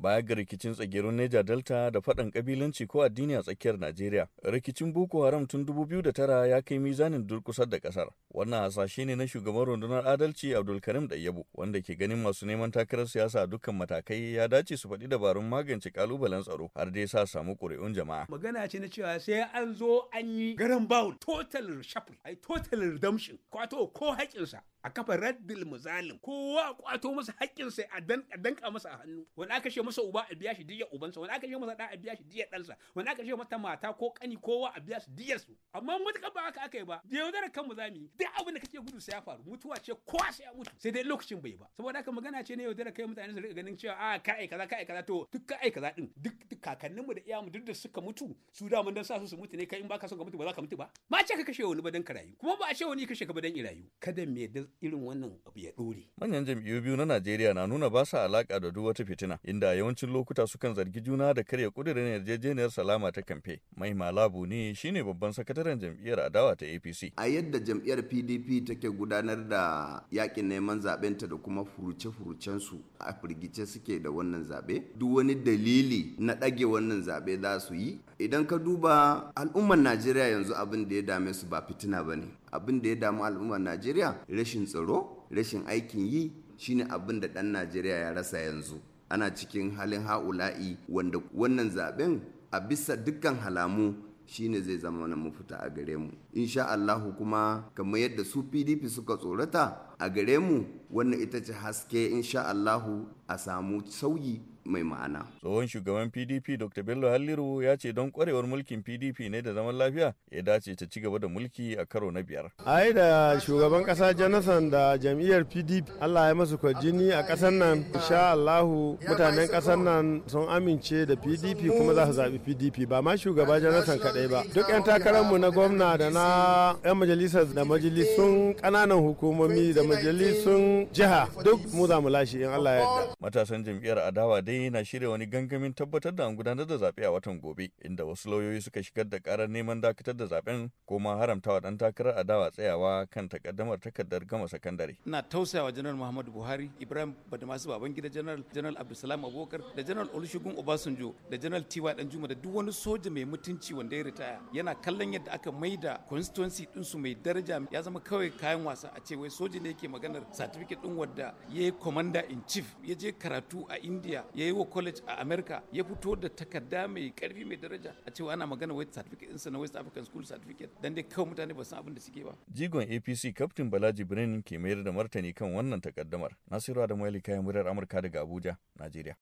baya ga rikicin tsagerun Neja Delta da faɗan kabilanci ko addini a tsakiyar Najeriya. Rikicin Boko Haram tun 2009 ya kai mizanin durkusar da ƙasar. Wannan hasashe ne na shugaban rundunar adalci Abdulkarim Dayyabo wanda ke ganin masu neman takarar siyasa dukkan matakai ya dace su faɗi dabarun magance kalubalen tsaro har dai sa samu ƙuri'un jama'a. Magana ce na cewa sai an zo an yi garan bawul total shuffle, ai total redemption, kwato ko haƙinsa a kafa raddil muzalim kowa a kwato masa haƙƙinsa a danka masa a hannu wani aka ce masa uba a biya shi diyar ubansa wani aka ce masa ɗa a biya shi diyar ɗansa wani aka ce mata mata ko ƙani kowa a biya shi diyar su amma mutuka ba haka aka yi ba da yaudara kan mu zamu duk abin da kake gudu sai ya faru mutuwa ce ko sai ya mutu sai dai lokacin bai ba saboda haka magana ce ne yaudara kai mutane su riƙa ganin cewa a ah, kai kaza kai kaza to duk ka ai kaza din duk kakannin mu da iyamu duk da suka mutu su da mun dan sa su su mutu ne kai in baka son ka mutu ba za ka mutu ba ma ce ka kashe wani ba dan ka rayu kuma ba a ce wani kashe ka ba dan irayu kada me da irin wannan abu ya ɗore. Manyan jam'iyyu biyu na Najeriya na nuna ba sa alaƙa da duk wata fitina, inda yawancin lokuta sukan zargi juna da karya ƙudurin yarjejeniyar salama ta kamfe. Mai Malabu ne shine babban sakataren jam'iyyar adawa ta APC. A yadda jam'iyyar PDP take gudanar da yakin neman zaɓenta da kuma furuce-furucensu a firgice suke da wannan zaɓe. Duk wani dalili na ɗage wannan zaɓe za su yi. Idan ka duba al'ummar Najeriya yanzu abin da ya dame su ba fitina ba ne. abin da ya damu al'ummar najeriya rashin tsaro rashin aikin yi shine abin da ɗan najeriya ya rasa yanzu ana cikin halin ha'ula'i wanda wannan zaben a bisa dukkan halamu shine zai zama na mafita a gare mu insha Allahu kuma kamar yadda su PDP suka tsorata a gare mu wannan ita ce haske insha Allahu a samu sauyi mai ma'ana. Tsohon shugaban PDP Dr. Bello Halliru ya ce don kwarewar mulkin PDP ne da zaman lafiya ya dace ta ci gaba da mulki a karo na biyar. Ai da shugaban kasa Jonathan da jam'iyyar PDP Allah ya masu kwajini a kasan nan insha Allahu mutanen kasar nan sun amince da PDP kuma za su zaɓi PDP ba ma shugaba Jonathan kaɗai ba. Duk 'yan takararmu na gwamna da na 'yan majalisar da majalisun ƙananan hukumomi da majalisun jiha duk mu za mu lashe in Allah ya yarda. Matasan jam'iyyar adawa dai na shirya wani gangamin tabbatar da an gudanar da zaɓe a watan gobe inda wasu lauyoyi suka shigar da karar neman dakatar da zaɓen ko ma haramtawa ɗan takarar adawa tsayawa kan takaddamar takardar gama sakandare. Ina tausayawa Janar Muhammadu Buhari, Ibrahim Badamasu Babangida Janar, Janar Abdulsalam Abubakar da Janar Olusegun Obasanjo da Janar Tiwa Danjuma da duk wani soja mai mutunci wanda ya ritaya yana kallon yadda aka maida constituency ɗinsu mai daraja ya zama kawai kayan wasa a ce wai soja ne nake maganar certificate din wadda ya yi commander in chief ya je karatu a india ya yi wa college a america ya fito da takarda mai karfi mai daraja a cewa ana magana wai certificate ɗinsa na west african school certificate dan dai kawai mutane ba san abin da suke ba jigon apc captain balaji birnin ke mayar da martani kan wannan takaddamar nasiru da maili kayan muryar amurka daga abuja najeriya